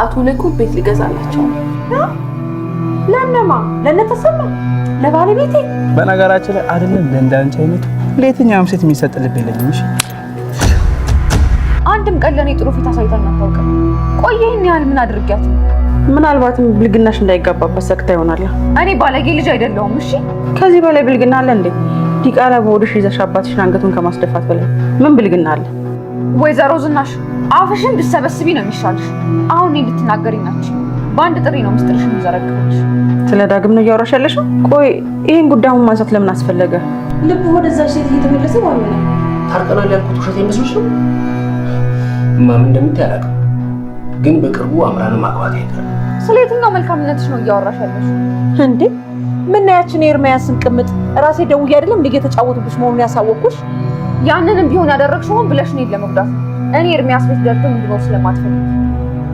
አቶ ለኩ ቤት ሊገዛላቸው ለነማ ለነተሰማ ለባለቤቴ። በነገራችን ላይ አይደለም ለእንዳንቺ አይነቱ ለየትኛውም ሴት የሚሰጥ ልብ የለኝም። እሺ አንድም ቀን ለእኔ ጥሩ ፊት አሳይታኝ አታውቅም። ቆይ ይህን ያህል ምን አድርጊያት? ምናልባትም ብልግናሽ እንዳይጋባበት ሰግታ ይሆናል። እኔ ባለጌ ልጅ አይደለሁም። እሺ ከዚህ በላይ ብልግና አለ እንዴ? ዲቃላ በሆድሽ ይዘሽ አባትሽን አንገቱን ከማስደፋት በላይ ምን ብልግና አለ? ወይዘሮ ዝናሽ አፍሽን ብትሰበስቢ ነው የሚሻልሽ። አሁን ልትናገሪ ናቸው። በአንድ ጥሪ ነው ምስጢርሽን የሚዘረግቦች። ስለ ዳግም ነው እያወራሽ ያለሽው? ቆይ ይህን ጉዳዩን ማንሳት ለምን አስፈለገ? ልብ ወደዛች ሴት እየተመለሰ ዋ ታርቀናል ያልኩት ውሸት ይመስልሽ ነው? እማምን እንደምታይ አላውቅም፣ ግን በቅርቡ አምራን ማግባት አይቀርም። ስለ የትኛው መልካምነትሽ ነው እያወራሽ ያለሽው? እንዴ ምናያችን የኤርሚያስን ቅምጥ ራሴ ደውዬ አይደለም እንደ እየተጫወቱብሽ መሆኑን ያሳወቅኩሽ። ያንንም ቢሆን ያደረግሽውን ብለሽ እኔን ለመጉዳት ነው እኔ ኤርሚያስ ቤት ገብቶ እንድኖር ስለማትፈልግ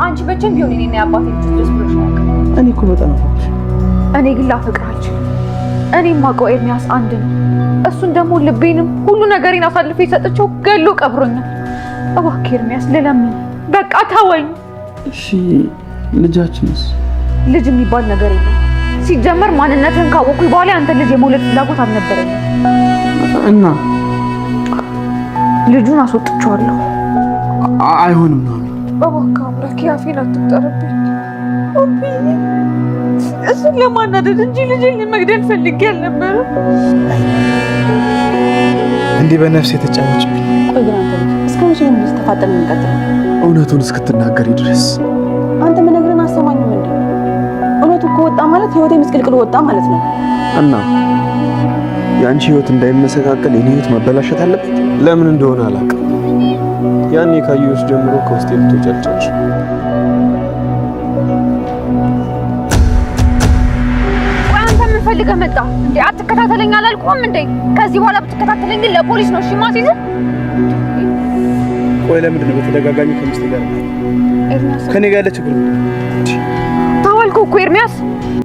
አንቺ በቸም ቢሆን እኔና የአባቴ ልጅ ደስ ብሎሽ ነው። እኔ እኮ በጣም እኔ ግን ላፈቅራችሁ እኔ ማውቀው ኤርሚያስ አንድ ነው። እሱን ደግሞ ልቤንም ሁሉ ነገሬን አሳልፎ የሰጠችው ገሎ ቀብሮኛል። እባክህ ኤርሚያስ ልለምን፣ በቃ ተወኝ። እሺ ልጃችንስ? ልጅ የሚባል ነገር የለም። ሲጀመር ማንነትህን ካወቅኩኝ በኋላ አንተ ልጅ የመውለድ ፍላጎት አልነበረኝም እና ልጁን አስወጥቼዋለሁ። አይሆንም ነው እባክህ አምላክ ያፌን አትጠርብኝ። እሱን ለማናደድ እንጂ ልጄን መግደል ፈልጌ አልነበረም። እንዲህ በነፍስ የተጫወች የተጫነችብኝ። እስከ መቼ ተፋጠን እንቀጥል? እውነቱን እስክትናገሪ ድረስ አንተ መነግረን አሰማኝም። እንደ እውነቱ ከወጣ ማለት ህይወቴ ምስቅልቅል ወጣ ማለት ነው። እና የአንቺ ህይወት እንዳይመሰካከል የኔ ህይወት መበላሸት አለበት። ለምን እንደሆነ አላውቅም። ያኔ ካየሁሽ ጀምሮ ከውስጤ ልትወጫጨርሽ ፈልገህ መጣ እንዴ? አትከታተለኝ አላልኩም እንዴ? ከዚህ በኋላ ብትከታተለኝ ግን ለፖሊስ ነው። እሺ ማሲዝ ቆይ፣ ለምንድን ነው በተደጋጋሚ ከሚስቴ ጋር ከኔ ጋር ያለ ችግር እኮ ኤርሚያስ።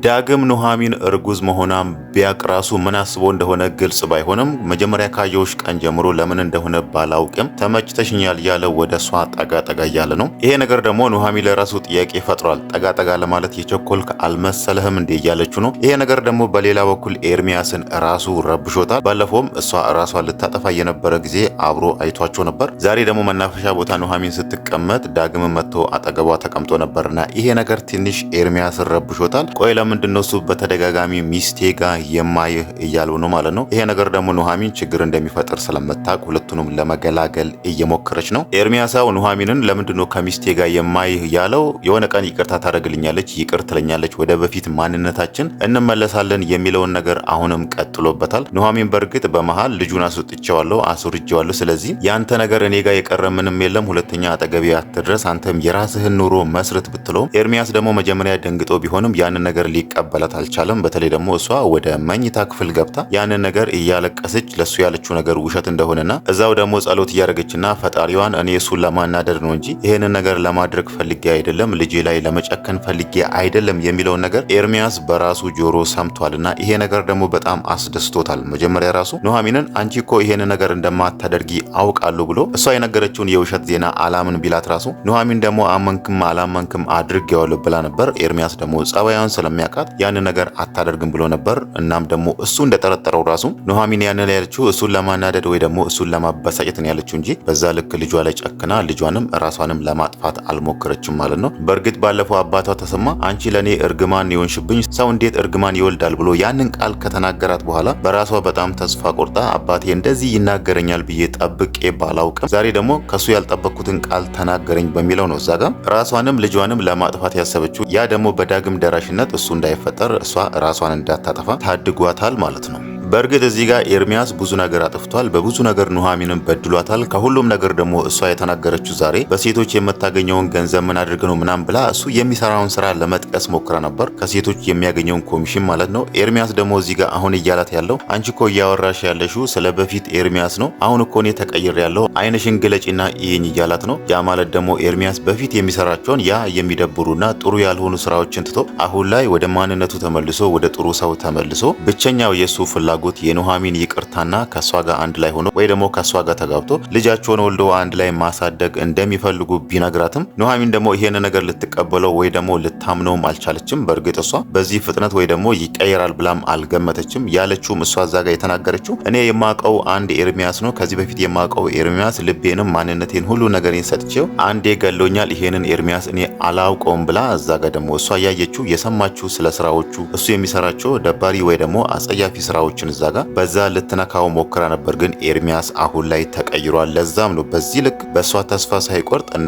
ዳግም ኑሐሚን እርጉዝ መሆኗን ቢያቅ ራሱ ምን አስቦ እንደሆነ ግልጽ ባይሆንም መጀመሪያ ካየሁሽ ቀን ጀምሮ ለምን እንደሆነ ባላውቅም ተመችተሽኛል ያለ ወደ እሷ ጠጋ ጠጋ እያለ ነው። ይሄ ነገር ደግሞ ኑሐሚን ለራሱ ጥያቄ ፈጥሯል። ጠጋ ጠጋ ለማለት የቸኮልክ አልመሰለህም እንዴ እያለችው ነው። ይሄ ነገር ደግሞ በሌላ በኩል ኤርሚያስን ራሱ ረብሾታል። ባለፈውም እሷ ራሷ ልታጠፋ የነበረ ጊዜ አብሮ አይቷቸው ነበር። ዛሬ ደግሞ መናፈሻ ቦታ ኑሐሚን ስትቀመጥ ዳግም መጥቶ አጠገቧ ተቀምጦ ነበርና ይሄ ነገር ትንሽ ኤርሚያስን ረብሾታል። ቆይ ለምንድን ነው እሱ በተደጋጋሚ ሚስቴ ጋ የማይህ እያሉ ነው ማለት ነው። ይሄ ነገር ደግሞ ኑሐሚን ችግር እንደሚፈጥር ስለምታቅ ሁለቱንም ለመገላገል እየሞከረች ነው። ኤርሚያሳው ኑሃሚንን ኑሐሚንን ለምንድን ነው ከሚስቴ ጋ የማይህ ያለው? የሆነ ቀን ይቅርታ ታደርግልኛለች፣ ይቅር ትለኛለች፣ ወደ በፊት ማንነታችን እንመለሳለን የሚለውን ነገር አሁንም ቀጥሎበታል። ኑሐሚን በእርግጥ በመሃል ልጁን አስወጥቼዋለሁ፣ አስወርጄዋለሁ፣ ስለዚህ ያንተ ነገር እኔ ጋር የቀረ ምንም የለም፣ ሁለተኛ አጠገቤ አትድረስ፣ አንተም የራስህን ኑሮ መስርት ብትለውም ኤርሚያስ ደግሞ መጀመሪያ ደንግጦ ቢሆንም ያንን ነገር ሊቀበላት አልቻለም። በተለይ ደግሞ እሷ ወደ መኝታ ክፍል ገብታ ያንን ነገር እያለቀሰች ለሱ ያለችው ነገር ውሸት እንደሆነና እዛው ደግሞ ጸሎት እያደረገችና ፈጣሪዋን እኔ እሱን ለማናደር ነው እንጂ ይህንን ነገር ለማድረግ ፈልጌ አይደለም፣ ልጄ ላይ ለመጨከን ፈልጌ አይደለም የሚለውን ነገር ኤርሚያስ በራሱ ጆሮ ሰምቷልና ይሄ ነገር ደግሞ በጣም አስደስቶታል። መጀመሪያ ራሱ ኑሐሚንን አንቺ እኮ ይሄን ነገር እንደማታደርጊ አውቃለሁ ብሎ እሷ የነገረችውን የውሸት ዜና አላምን ቢላት ራሱ ኑሐሚን ደግሞ አመንክም አላመንክም አድርጌዋለሁ ብላ ነበር። ኤርሚያስ ደግሞ ጸባያን ስለሚያውቃት ያንን ነገር አታደርግም ብሎ ነበር። እናም ደግሞ እሱ እንደጠረጠረው ራሱ ኑሐሚን ያንን ያለችው እሱን ለማናደድ ወይ ደግሞ እሱን ለማበሳጨት ነው ያለችው እንጂ በዛ ልክ ልጇ ላይ ጨክና ልጇንም ራሷንም ለማጥፋት አልሞከረችም ማለት ነው። በእርግጥ ባለፈው አባቷ ተሰማ አንቺ ለእኔ እርግማን የሆንሽብኝ ሰው እንዴት እርግማን ይወልዳል ብሎ ያንን ቃል ከተናገራት በኋላ በራሷ በጣም ተስፋ ቆርጣ አባቴ እንደዚህ ይናገረኛል ብዬ ጠብቄ ባላውቅም ዛሬ ደግሞ ከሱ ያልጠበቅኩትን ቃል ተናገረኝ በሚለው ነው እዛ ጋ ራሷንም ልጇንም ለማጥፋት ያሰበችው ያ ደግሞ በ ከዳግም ደራሽነት እሱ እንዳይፈጠር እሷ ራሷን እንዳታጠፋ ታድጓታል ማለት ነው። በእርግጥ እዚህ ጋር ኤርሚያስ ብዙ ነገር አጥፍቷል። በብዙ ነገር ኑሐሚንን በድሏታል። ከሁሉም ነገር ደግሞ እሷ የተናገረችው ዛሬ በሴቶች የምታገኘውን ገንዘብ ምን አድርግ ነው ምናም ብላ እሱ የሚሰራውን ስራ ለመጥቀስ ሞክራ ነበር፣ ከሴቶች የሚያገኘውን ኮሚሽን ማለት ነው። ኤርሚያስ ደግሞ እዚህ ጋር አሁን እያላት ያለው አንቺ እኮ እያወራሽ ያለሽው ስለ በፊት ኤርሚያስ ነው። አሁን እኮ እኔ ተቀይር ያለው አይንሽን ግለጪና ይህኝ እያላት ነው። ያ ማለት ደግሞ ኤርሚያስ በፊት የሚሰራቸውን ያ የሚደብሩና ጥሩ ያልሆኑ ስራዎችን ትቶ አሁን ላይ ወደ ማንነቱ ተመልሶ ወደ ጥሩ ሰው ተመልሶ ብቸኛው የእሱ ፍላጎ አጎት የኑሐሚን ይቅርታና ከእሷ ጋር አንድ ላይ ሆኖ ወይ ደግሞ ከእሷ ጋር ተጋብቶ ልጃቸውን ወልዶ አንድ ላይ ማሳደግ እንደሚፈልጉ ቢነግራትም ኑሐሚን ደግሞ ይሄን ነገር ልትቀበለው ወይ ደግሞ ልታምነውም አልቻለችም። በእርግጥ እሷ በዚህ ፍጥነት ወይ ደግሞ ይቀየራል ብላም አልገመተችም። ያለችውም እሷ እዛ ጋር የተናገረችው እኔ የማውቀው አንድ ኤርሚያስ ነው። ከዚህ በፊት የማውቀው ኤርሚያስ ልቤንም ማንነቴን ሁሉ ነገሬን ሰጥቼው አንዴ ገሎኛል። ይሄንን ኤርሚያስ እኔ አላውቀውም ብላ እዛ ጋር ደግሞ እሷ ያየችው የሰማችው ስለ ስራዎቹ እሱ የሚሰራቸው ደባሪ ወይ ደግሞ አጸያፊ ስራዎችን እዛ ጋር በዛ ልትነካው ሞክራ ነበር፣ ግን ኤርሚያስ አሁን ላይ ተቀይሯል። ለዛም ነው በዚህ ልክ በእሷ ተስፋ ሳይቆርጥ እነ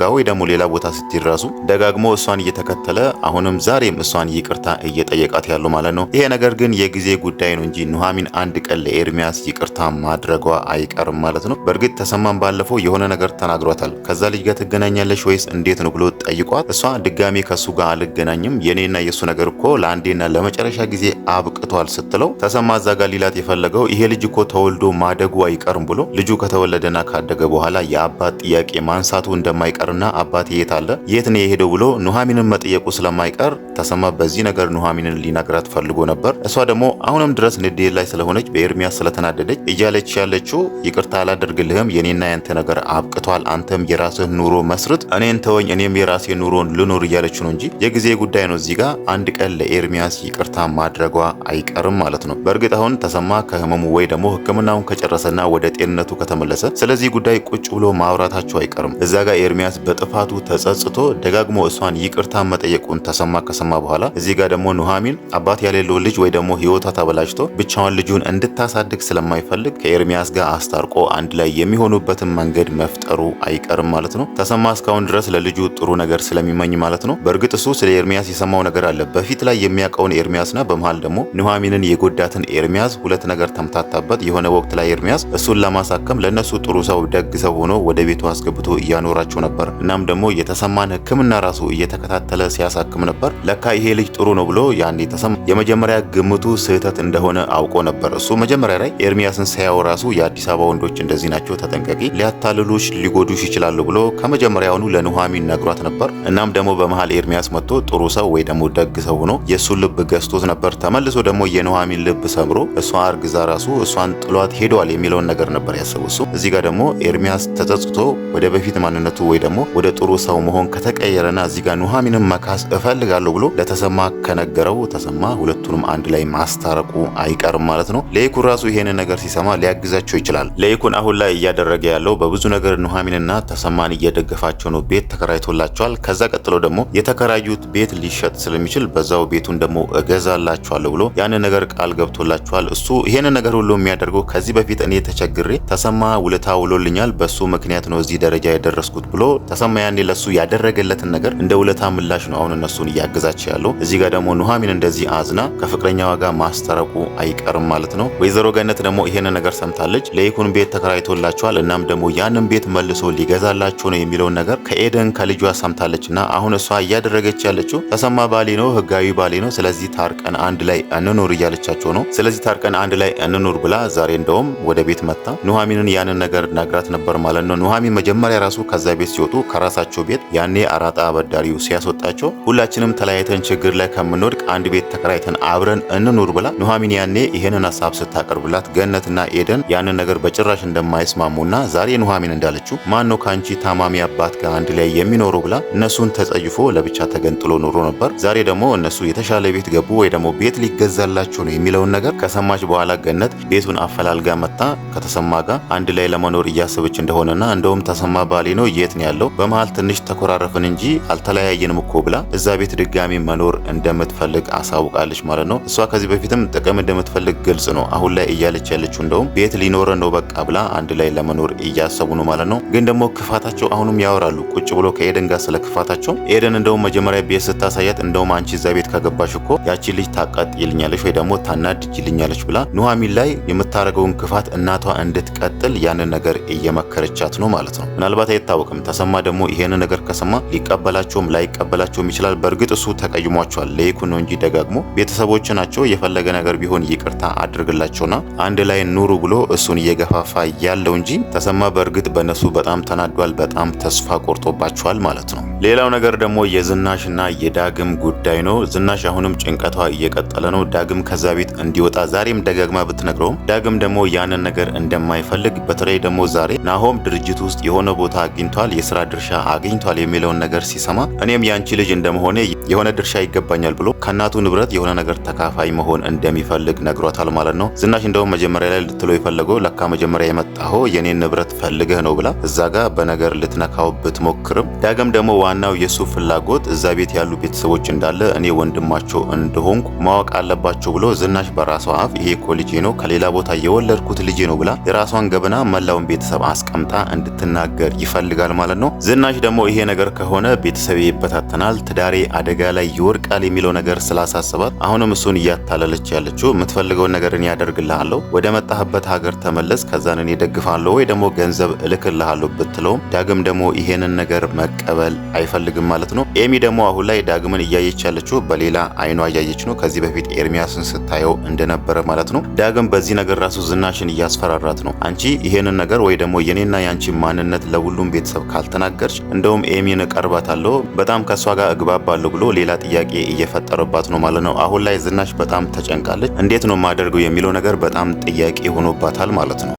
ጋር ወይ ደግሞ ሌላ ቦታ ስትደረሱ ደጋግሞ እሷን እየተከተለ አሁንም ዛሬም እሷን ይቅርታ እየጠየቃት ያለው ማለት ነው። ይሄ ነገር ግን የጊዜ ጉዳይ ነው እንጂ ኑሐሚን አንድ ቀን ለኤርሚያስ ይቅርታ ማድረጓ አይቀርም ማለት ነው። በእርግጥ ተሰማም ባለፈው የሆነ ነገር ተናግሯታል። ከዛ ልጅ ጋር ትገናኛለሽ ወይስ እንዴት ነው ብሎ ጠይቋት፣ እሷ ድጋሜ ከሱ ጋር አልገናኝም የኔና የእሱ ነገር እኮ ለአንዴና ለመጨረሻ ጊዜ አብቅቷል ስትለው ተሰማ ከዛ ጋር ሊላት የፈለገው ይሄ ልጅ እኮ ተወልዶ ማደጉ አይቀርም ብሎ ልጁ ከተወለደና ካደገ በኋላ የአባት ጥያቄ ማንሳቱ እንደማይቀርና አባት የት አለ የት ነው የሄደው ብሎ ኑሐሚንን መጠየቁ ስለማይቀር ተሰማ በዚህ ነገር ኑሐሚንን ሊነግራት ፈልጎ ነበር። እሷ ደግሞ አሁንም ድረስ ንዴ ላይ ስለሆነች በኤርሚያስ ስለተናደደች እያለች ያለችው ይቅርታ አላደርግልህም፣ የኔና ያንተ ነገር አብቅቷል፣ አንተም የራስህ ኑሮ መስርት፣ እኔን ተወኝ፣ እኔም የራሴ ኑሮን ልኖር እያለች ነው እንጂ የጊዜ ጉዳይ ነው። እዚህ ጋር አንድ ቀን ለኤርሚያስ ይቅርታ ማድረጓ አይቀርም ማለት ነው። በእርግጥ ጌታሁን ተሰማ ከህመሙ ወይ ደግሞ ህክምናውን ከጨረሰና ወደ ጤንነቱ ከተመለሰ ስለዚህ ጉዳይ ቁጭ ብሎ ማውራታቸው አይቀርም። እዛ ጋር ኤርሚያስ በጥፋቱ ተጸጽቶ ደጋግሞ እሷን ይቅርታ መጠየቁን ተሰማ ከሰማ በኋላ እዚህ ጋር ደግሞ ኑሐሚን አባት ያሌለው ልጅ ወይ ደግሞ ህይወቷ ተበላሽቶ ብቻዋን ልጁን እንድታሳድግ ስለማይፈልግ ከኤርሚያስ ጋር አስታርቆ አንድ ላይ የሚሆኑበትን መንገድ መፍጠሩ አይቀርም ማለት ነው። ተሰማ እስካሁን ድረስ ለልጁ ጥሩ ነገር ስለሚመኝ ማለት ነው። በእርግጥ እሱ ስለ ኤርሚያስ የሰማው ነገር አለ። በፊት ላይ የሚያውቀውን ኤርሚያስና በመሃል ደግሞ ኑሐሚንን የጎዳትን ኤርሚያስ ሁለት ነገር ተምታታበት። የሆነ ወቅት ላይ ኤርሚያስ እሱን ለማሳከም ለነሱ ጥሩ ሰው ደግ ሰው ሆኖ ወደ ቤቱ አስገብቶ እያኖራቸው ነበር። እናም ደግሞ የተሰማን ሕክምና ራሱ እየተከታተለ ሲያሳክም ነበር። ለካ ይሄ ልጅ ጥሩ ነው ብሎ ያኔ ተሰማ የመጀመሪያ ግምቱ ስህተት እንደሆነ አውቆ ነበር። እሱ መጀመሪያ ላይ ኤርሚያስን ሳያው ራሱ የአዲስ አበባ ወንዶች እንደዚህ ናቸው፣ ተጠንቀቂ፣ ሊያታልሉሽ፣ ሊጎዱሽ ይችላሉ ብሎ ከመጀመሪያውኑ ለኑሐሚን ነግሯት ነበር። እናም ደግሞ በመሀል ኤርሚያስ መጥቶ ጥሩ ሰው ወይ ደግሞ ደግ ሰው ሆኖ የእሱን ልብ ገዝቶት ነበር። ተመልሶ ደግሞ የኑሐሚን ልብ ሰው ተምሮ እሷ አርግዛ ራሱ እሷን ጥሏት ሄደዋል የሚለውን ነገር ነበር ያሰቡ እሱ። እዚህ ጋር ደግሞ ኤርሚያስ ተጸጽቶ ወደ በፊት ማንነቱ ወይ ደግሞ ወደ ጥሩ ሰው መሆን ከተቀየረና እዚህ ጋር ኑሐሚንም መካስ እፈልጋለሁ ብሎ ለተሰማ ከነገረው ተሰማ ሁለቱንም አንድ ላይ ማስታረቁ አይቀርም ማለት ነው። ለይኩን ራሱ ይሄንን ነገር ሲሰማ ሊያግዛቸው ይችላል። ለይኩን አሁን ላይ እያደረገ ያለው በብዙ ነገር ኑሐሚንና ተሰማን እየደገፋቸው ነው። ቤት ተከራይቶላቸዋል። ከዛ ቀጥሎ ደግሞ የተከራዩት ቤት ሊሸጥ ስለሚችል በዛው ቤቱን ደግሞ እገዛላቸዋለሁ ብሎ ያንን ነገር ቃል ገብቶላ ብላችኋል። እሱ ይሄንን ነገር ሁሉ የሚያደርገው ከዚህ በፊት እኔ ተቸግሬ ተሰማ ውለታ ውሎልኛል፣ በሱ ምክንያት ነው እዚህ ደረጃ የደረስኩት ብሎ ተሰማ ያኔ ለሱ ያደረገለትን ነገር እንደ ውለታ ምላሽ ነው አሁን እነሱን እያገዛች ያለው። እዚህ ጋር ደግሞ ኑሐሚን እንደዚህ አዝና ከፍቅረኛዋ ጋር ማስታረቁ አይቀርም ማለት ነው። ወይዘሮ ገነት ደግሞ ይሄንን ነገር ሰምታለች። ለይኩን ቤት ተከራይቶላቸዋል፣ እናም ደግሞ ያንን ቤት መልሶ ሊገዛላቸው ነው የሚለውን ነገር ከኤደን ከልጇ ሰምታለች እና አሁን እሷ እያደረገች ያለችው ተሰማ ባሌ ነው፣ ህጋዊ ባሌ ነው፣ ስለዚህ ታርቀን አንድ ላይ እንኖር እያለቻቸው ነው። ስለዚህ ታርቀን አንድ ላይ እንኑር ብላ ዛሬ እንደውም ወደ ቤት መጣ። ኑሐሚንን ያንን ነገር ነግራት ነበር ማለት ነው። ኑሐሚን መጀመሪያ ራሱ ከዛ ቤት ሲወጡ ከራሳቸው ቤት ያኔ አራጣ አበዳሪው ሲያስወጣቸው ሁላችንም ተለያይተን ችግር ላይ ከምንወድቅ አንድ ቤት ተከራይተን አብረን እንኑር ብላ ኑሐሚን ያኔ ይህንን ሀሳብ ስታቀርብላት ገነትና ኤደን ያንን ነገር በጭራሽ እንደማይስማሙና ዛሬ ኑሐሚን እንዳለችው ማን ነው ከአንቺ ታማሚ አባት ጋር አንድ ላይ የሚኖረው ብላ እነሱን ተጸይፎ ለብቻ ተገንጥሎ ኖሮ ነበር። ዛሬ ደግሞ እነሱ የተሻለ ቤት ገቡ ወይ ደግሞ ቤት ሊገዛላቸው ነው የሚለውን ነገር ከሰማች በኋላ ገነት ቤቱን አፈላልጋ መጣ ከተሰማ ጋር አንድ ላይ ለመኖር እያሰበች እንደሆነና እንደውም ተሰማ ባሌ ነው የት ነው ያለው፣ በመሀል ትንሽ ተኮራረፍን እንጂ አልተለያየንም እኮ ብላ እዛ ቤት ድጋሚ መኖር እንደምትፈልግ አሳውቃለች ማለት ነው። እሷ ከዚህ በፊትም ጥቅም እንደምትፈልግ ግልጽ ነው። አሁን ላይ እያለች ያለችው እንደውም ቤት ሊኖረን ነው በቃ ብላ አንድ ላይ ለመኖር እያሰቡ ነው ማለት ነው። ግን ደግሞ ክፋታቸው አሁንም ያወራሉ ቁጭ ብሎ ከኤደን ጋር ስለ ክፋታቸው። ኤደን እንደውም መጀመሪያ ቤት ስታሳያት እንደውም አንቺ እዛ ቤት ከገባሽ እኮ ያቺ ልጅ ታቃጥ ይልኛለች ወይ ደግሞ ታናድጅ ታደርግልኛለች ብላ ኑሐሚን ላይ የምታደርገውን ክፋት እናቷ እንድትቀጥል ያንን ነገር እየመከረቻት ነው ማለት ነው። ምናልባት አይታወቅም። ተሰማ ደግሞ ይሄንን ነገር ከሰማ ሊቀበላቸውም ላይቀበላቸውም ይችላል። በእርግጥ እሱ ተቀይሟቸዋል። ለይኩን ነው እንጂ ደጋግሞ ቤተሰቦች ናቸው። የፈለገ ነገር ቢሆን ይቅርታ አድርግላቸውና አንድ ላይ ኑሩ ብሎ እሱን እየገፋፋ ያለው እንጂ ተሰማ በእርግጥ በነሱ በጣም ተናዷል። በጣም ተስፋ ቆርጦባቸዋል ማለት ነው። ሌላው ነገር ደግሞ የዝናሽና የዳግም ጉዳይ ነው። ዝናሽ አሁንም ጭንቀቷ እየቀጠለ ነው። ዳግም ከዛ ቤት እንዲወጣ እንደሚወጣ ዛሬም ደጋግማ ብትነግረውም ዳግም ደግሞ ያንን ነገር እንደማይፈልግ በተለይ ደግሞ ዛሬ ናሆም ድርጅት ውስጥ የሆነ ቦታ አግኝቷል፣ የስራ ድርሻ አግኝቷል የሚለውን ነገር ሲሰማ እኔም ያንቺ ልጅ እንደመሆነ የሆነ ድርሻ ይገባኛል ብሎ ከእናቱ ንብረት የሆነ ነገር ተካፋይ መሆን እንደሚፈልግ ነግሯታል ማለት ነው። ዝናሽ እንደውም መጀመሪያ ላይ ልትለው የፈለገው ለካ መጀመሪያ የመጣሁ የኔን ንብረት ፈልገህ ነው ብላ እዛ ጋ በነገር ልትነካው ብትሞክርም ዳግም ደግሞ ዋናው የእሱ ፍላጎት እዛ ቤት ያሉ ቤተሰቦች እንዳለ እኔ ወንድማቸው እንደሆንኩ ማወቅ አለባቸው ብሎ ዝናሽ በራስ በራሷ አፍ ይሄ እኮ ልጄ ነው ከሌላ ቦታ የወለድኩት ልጄ ነው ብላ የራሷን ገበና መላውን ቤተሰብ አስቀምጣ እንድትናገር ይፈልጋል ማለት ነው። ዝናሽ ደግሞ ይሄ ነገር ከሆነ ቤተሰቤ ይበታተናል፣ ትዳሬ አደጋ ላይ ይወድቃል የሚለው ነገር ስላሳስባት አሁንም እሱን እያታለለች ያለችው የምትፈልገውን ነገር እኔ ያደርግልሃለሁ፣ ወደ መጣህበት ሀገር ተመለስ፣ ከዛን እኔ ደግፋለሁ ወይ ደግሞ ገንዘብ እልክልሃለሁ ብትለውም ዳግም ደግሞ ይሄንን ነገር መቀበል አይፈልግም ማለት ነው። ኤሚ ደግሞ አሁን ላይ ዳግምን እያየች ያለችው በሌላ አይኗ እያየች ነው። ከዚህ በፊት ኤርሚያስን ስታየው እንደ እንደነበረ ማለት ነው። ዳግም በዚህ ነገር ራሱ ዝናሽን እያስፈራራት ነው። አንቺ ይሄንን ነገር ወይ ደግሞ የኔና የአንቺ ማንነት ለሁሉም ቤተሰብ ካልተናገርች እንደውም ኤሚን እቀርባታለሁ፣ በጣም ከእሷ ጋር እግባባለሁ ብሎ ሌላ ጥያቄ እየፈጠረባት ነው ማለት ነው። አሁን ላይ ዝናሽ በጣም ተጨንቃለች። እንዴት ነው የማደርገው የሚለው ነገር በጣም ጥያቄ ሆኖባታል ማለት ነው።